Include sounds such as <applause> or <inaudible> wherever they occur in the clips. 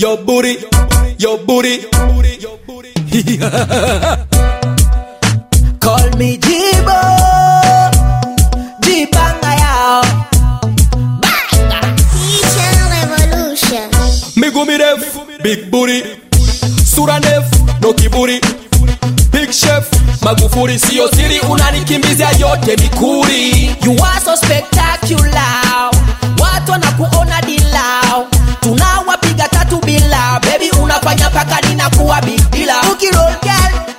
your booty, your booty, your booty. <laughs> Call me Jibo, Jibanga yao. Banga. Revolution. Miguu mirefu, big booty. Sura ndefu, no kiburi. Big chef, magufuri. Siyo siri, unanikimbizia yote mikuri. You are so spectacular, watu wanakuona di kaka linakuwa big dealer. Ukirol girl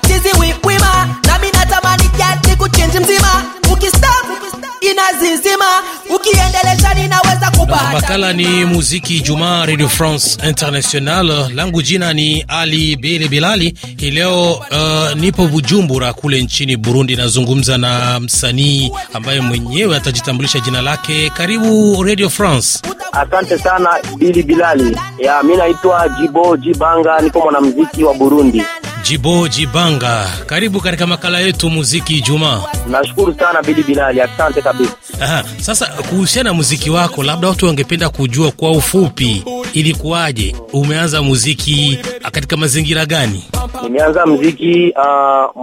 Makala ni muziki Jumaa, Radio France International. Langu jina ni Ali Bele Bilali. Hii leo uh, nipo Bujumbura kule nchini Burundi. Nazungumza na msanii ambaye mwenyewe atajitambulisha jina lake. Karibu Radio France. Asante sana Bili Bilali. Ya, mi naitwa Jibo Jibanga, niko mwanamuziki wa Burundi. Jibo Jibanga, karibu katika makala yetu muziki Ijumaa. Nashukuru sana Bili Bilali, asante kabisa. Aha, sasa kuhusiana na muziki wako, labda watu wangependa kujua kwa ufupi, ilikuwaje umeanza muziki katika mazingira gani? Nimeanza mziki uh,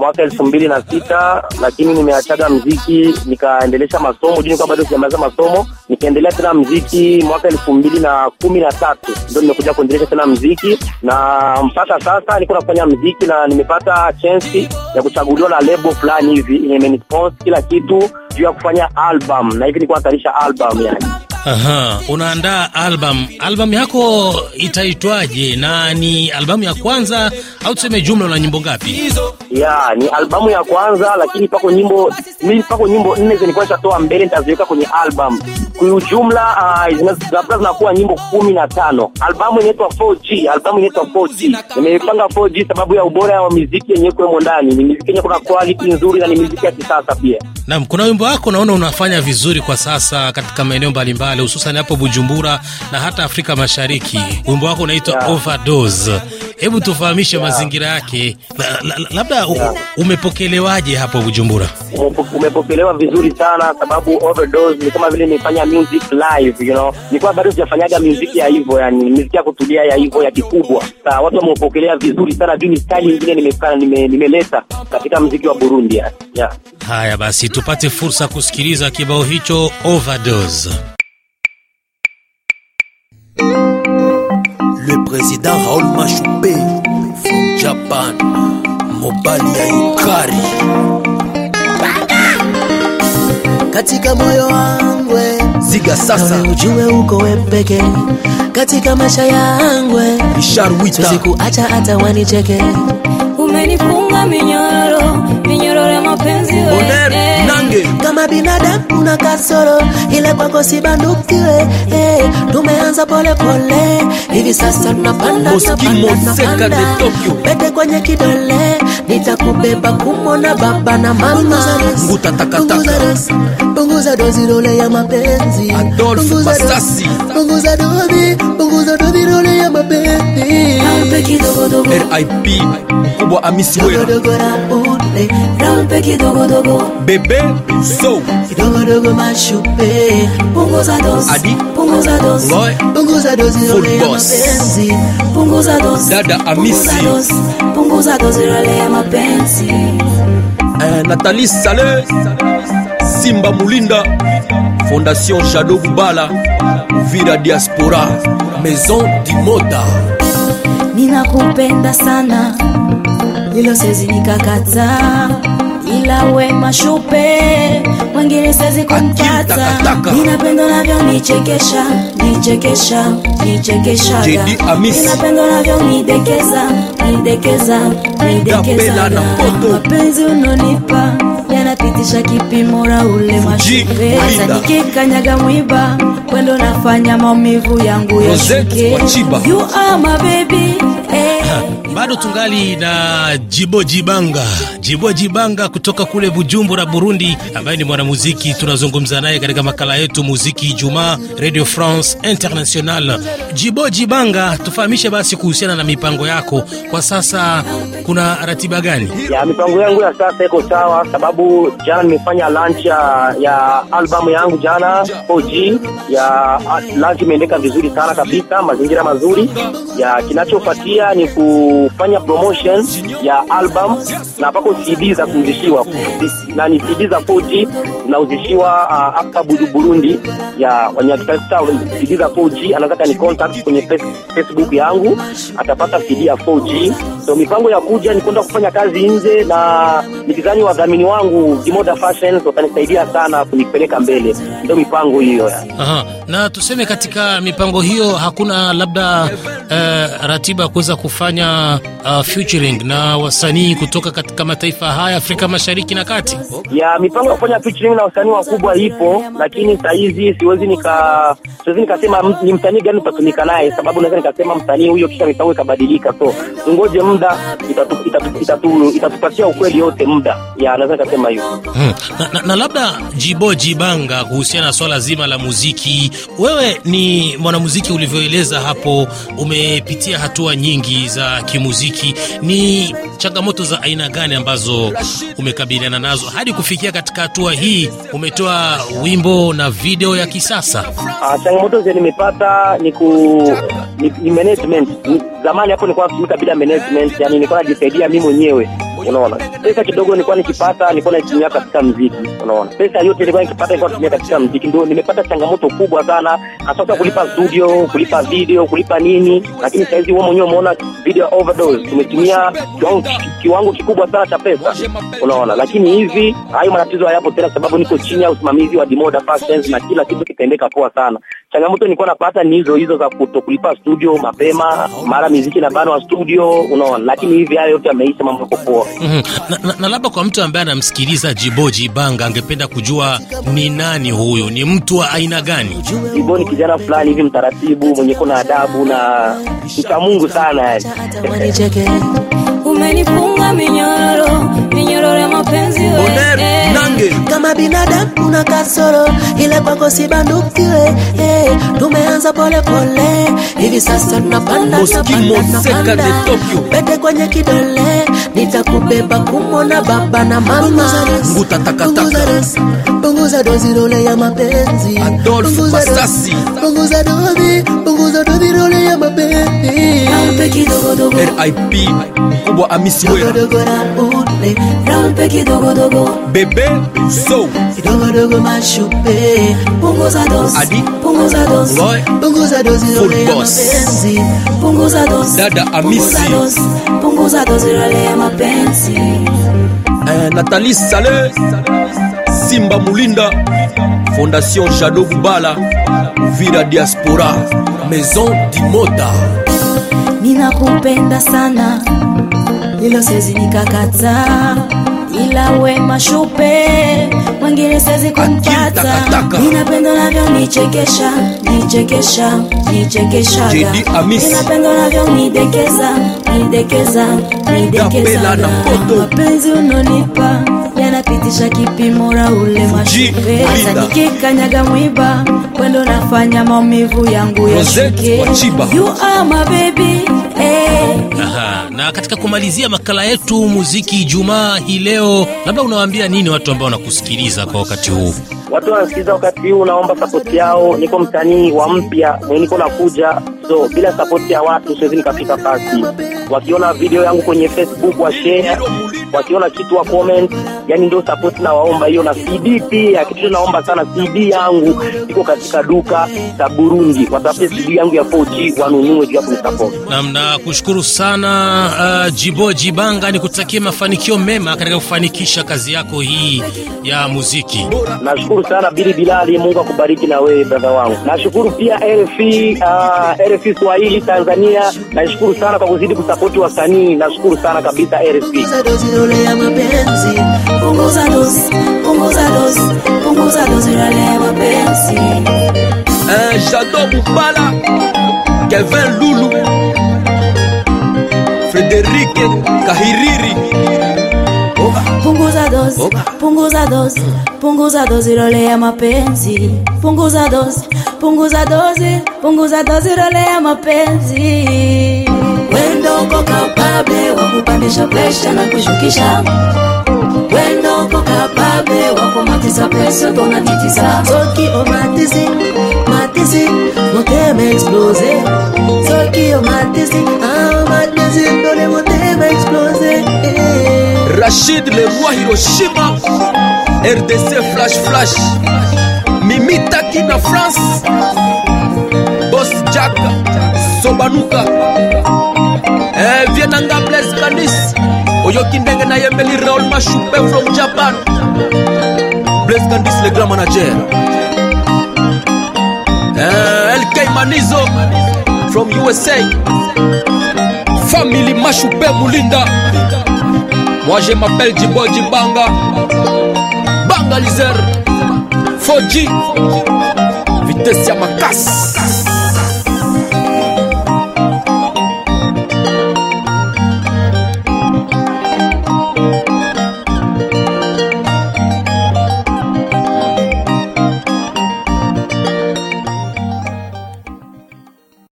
mwaka elfu mbili na sita lakini nimeachaga mziki nikaendelesha masomo juu bado sijamaliza masomo, nikaendelea tena mziki mwaka elfu mbili na kumi na tatu ndio nimekuja kuendelesha tena mziki, na mpaka sasa niko nafanya mziki na nimepata chance ya kuchaguliwa na lebo fulani hivi, imenisponsor kila kitu juu ya kufanya album, na hivi niko natayarisha album yani Aha, unaandaa album. Album yako itaitwaje na ni albamu ya kwanza au tuseme jumla na nyimbo ngapi? Ya, ni albamu ya kwanza lakini pako nyimbo mimi pako nyimbo nne zilikuwa nitatoa mbele nitaziweka kwenye album kiujumla uh, ah, labda zinakuwa nyimbo kumi na tano. Albamu inaitwa 4G, albamu inaitwa 4G. Nimeipanga 4G sababu ya ubora wa miziki yenyewe kuwemo ndani, ni miziki yenyewe kuna quality nzuri na ni miziki ya kisasa pia. Naam, kuna wimbo wako naona unafanya vizuri kwa sasa katika maeneo mbalimbali, hususan hapo Bujumbura na hata Afrika Mashariki. Wimbo wako unaitwa yeah. Overdose hebu tufahamishe mazingira yake, labda umepokelewaje hapo Bujumbura? Umepokelewa vizuri sana, sababu overdose ni kama vile nimefanya music live, you know, nilikuwa bado sijafanyaga music ya hivyo, yani music ya kutulia ya hivyo ya kikubwa. Sasa ah, watu wamepokelea vizuri sana, juu ni style nyingine nimefanya, nimeleta katika muziki wa Burundi. Haya basi, tupate fursa kusikiliza kibao hicho overdose. le président Raoul Machupe from Japan, mobali ya Yukari. Katika moyo wangu ziga sasa, ujue uko we peke katika maisha yangu, sikuacha hata wanicheke. Umenifunga minyororo minyororo ya mapenzi wewe, kama binadamu hakuna kasoro, ila kwako si bandukiwe. Hey, tumeanza pole pole, hivi sasa tunapanda tunapanda tunapanda, pete kwenye kidole, nitakubeba kumona baba na mama. Nguta takataka, punguza dozi dole ya mapenzi, punguza dozi, punguza dozi, punguza dozi dole ya mapenzi. RIP mkubwa Amisi Wera, Bebe So, Adi Loy, Full Boss, dada Amisi, eh, Nathalie Sale, Simba Mulinda, Fondation Shadow Bala, Uvira Diaspora, Maison du Moda. Ninakupenda sana hilo sezi nikakataa, ila we mashupe wengine sezi kumpata. Ninapenda unavyonichekesha nichekesha nichekesha, ninapenda unavyonidekeza nidekeza nidekeza, mapenzi unonipa yanapitisha kipimo la ule Mashupe Kanyaga mwiba, kwendo nafanya maumivu yangu You are my baby eh. bado tungali na Jibo Jibanga, Jibo Jibanga kutoka kule Bujumbura, Burundi, ambaye ni mwanamuziki tunazungumza naye katika makala yetu Muziki Ijumaa, Radio France International. Jibo Jibanga, tufahamishe basi kuhusiana na mipango yako kwa sasa, kuna ratiba gani? Ya mipango yangu ya sasa iko sawa, sababu jana nimefanya launch ya, ya albamu yangu jana sana 4 ya launch imeendeka vizuri sana kabisa, mazingira mazuri ya. Kinachofuatia ni kufanya promotion ya album na pako CD za kuuzishiwa na ni CD za 4G zinauzishiwa uh, Burundi ya wanyakitafuta CD za 4G anaweza kani contact kwenye Facebook yangu atapata CD ya 4G. So mipango ya kuja ni kwenda kufanya kazi nje, na nikizani wadhamini wangu Dimoda Fashion watanisaidia so, sana kunipeleka mbele ndio mipango hiyo. Aha. Na tuseme katika mipango hiyo hakuna labda eh, ratiba ya kuweza kufanya uh, featuring na wasanii kutoka katika mataifa haya Afrika Mashariki na Kati. Ya mipango ya kufanya featuring na wasanii wakubwa ipo, lakini saa hizi siwezi nika siwezi nikasema ni msanii gani utatumika naye, sababu naweza nikasema msanii huyo kisha mipango ikabadilika. So ngoje muda itatupatia itatu, itatu, ukweli yote muda. Ya naweza nikasema hiyo Hmm. Na, na, na labda Jibo Jibanga kuhusu kuhusiana na swala zima la muziki. Wewe ni mwanamuziki, ulivyoeleza hapo, umepitia hatua nyingi za kimuziki. Ni changamoto za aina gani ambazo umekabiliana nazo hadi kufikia katika hatua hii, umetoa wimbo na video ya kisasa? Ah, changamoto zenye nimepata ni ku ni, ni management. Zamani hapo nilikuwa bila management, yani nilikuwa najisaidia mimi mwenyewe unaona. Pesa kidogo nilikuwa nikipata, nilikuwa naitumia katika mziki, unaona. Pesa yote nilikuwa nikipata, nilikuwa natumia katika mziki. Ndio nimepata changamoto kubwa sana, hasa kulipa studio, kulipa video, kulipa nini, lakini saizi wewe mwenyewe umeona video overdose, tumetumia kiwango kikubwa sana cha pesa, unaona. Lakini hivi hayo matatizo hayapo tena, sababu niko chini ya usimamizi wa Dimoda Fashions na kila kitu kitaendeka poa sana. Changamoto nilikuwa napata ni hizo hizo za kutokulipa studio mapema, mara miziki na bano wa studio, unaona. Lakini hivi hayo yote yameisha, mambo yako poa. Mm -hmm. Na, na, na labda kwa mtu ambaye anamsikiliza Jiboji Banga angependa kujua ni nani huyu, ni mtu wa aina gani? Jibo ni kijana fulani hivi mtaratibu, mwenye kuna adabu na mcha Mungu sana yani. kufunga minyororo minyororo ya mapenzi wewe eh, eh. kama binadamu una kasoro ile kwako si banduki we hey, tumeanza polepole hivi sasa tunapanda pete kwenye kidole nitakubeba kumwona baba na mama punguza dozi role ya mapenzi punguza dozi punguza dozi role ya mapenzi rip kubwa amisiwera kidogodogo na ule rampe kidogodogo bebe so kidogodogo mashupe punguza dosi Adi. punguza dosi Ngoy. punguza dosi lole ya mapenzi punguza dosi dada amisi punguza dosi punguza dosi lole ya mapenzi eh, Nathalie Sale Simba Mulinda Fondation Shadow Bubala Vira Diaspora Maison Dimota Ninakupenda sana lilo sezinikakata ila wema shupe mwingine siwezi kumpata nina pendo navyo nichekesha nichekesha nichekeshaga nina pendo navyo nidekeza nidekeza nidekezaga mapenzi unonipa yanapitisha kipimo la ule mashupe zanikeka nyaga mwiba kwendo nafanya maumivu yangu yashike. You are my baby hey. Eh. na katika kumalizia makala yetu muziki jumaa hii leo, labda unawaambia nini watu ambao wanakusikiliza kwa wakati huu? Watu wanasikiliza wakati huu, naomba sapoti yao. Niko msanii wa mpya niko nakuja, so bila sapoti ya watu siwezi nikafika fasi. Wakiona video yangu kwenye Facebook wa share wakiona kitu wa comment, yani ndio support na waomba hiyo, na CD pia kitu naomba sana, CD yangu iko kati katika duka la Burundi, watafute CD yangu ya 4G wanunue juu hapo Naam, na kushukuru sana uh, Jibo Jibanga, nikutakie mafanikio mema katika kufanikisha kazi yako hii ya muziki. Nashukuru sana Bili Bilali, Mungu akubariki na wewe brother wangu. Nashukuru pia RF, uh, RF Swahili Tanzania, nashukuru sana kwa kuzidi kusapoti wasanii, nashukuru sana kabisa RFI. Punguza dozi, punguza dozi, punguza dozi ya mapenzi. Un Jado Boupala, Kevin Loulou, Frédéric Kahiriri. Punguza dosi, punguza dosi, punguza dosi role ya mapenzi. Punguza dosi, punguza dosi, punguza dosi role ya mapenzi. Wendo uko kapable wa kupandisha presha na kushukisha. Wendo babe wakomatisa pese tonabitisa soki omatisi matisi motema explose soki omatisi aomatisi ah, ndole motema explose rachid le roi hiroshima rdc flash flash mimi taki na france bos jack sobanuka eh, vienanga blaise kanis oyoki ndenge nayembeli raul mashupe from japan bles kandis le grand manager uh, eh, lk manizo from usa famili mashupe mulinda moi je m'appelle jibo jibanga bangalizer foji vitesi ya makasi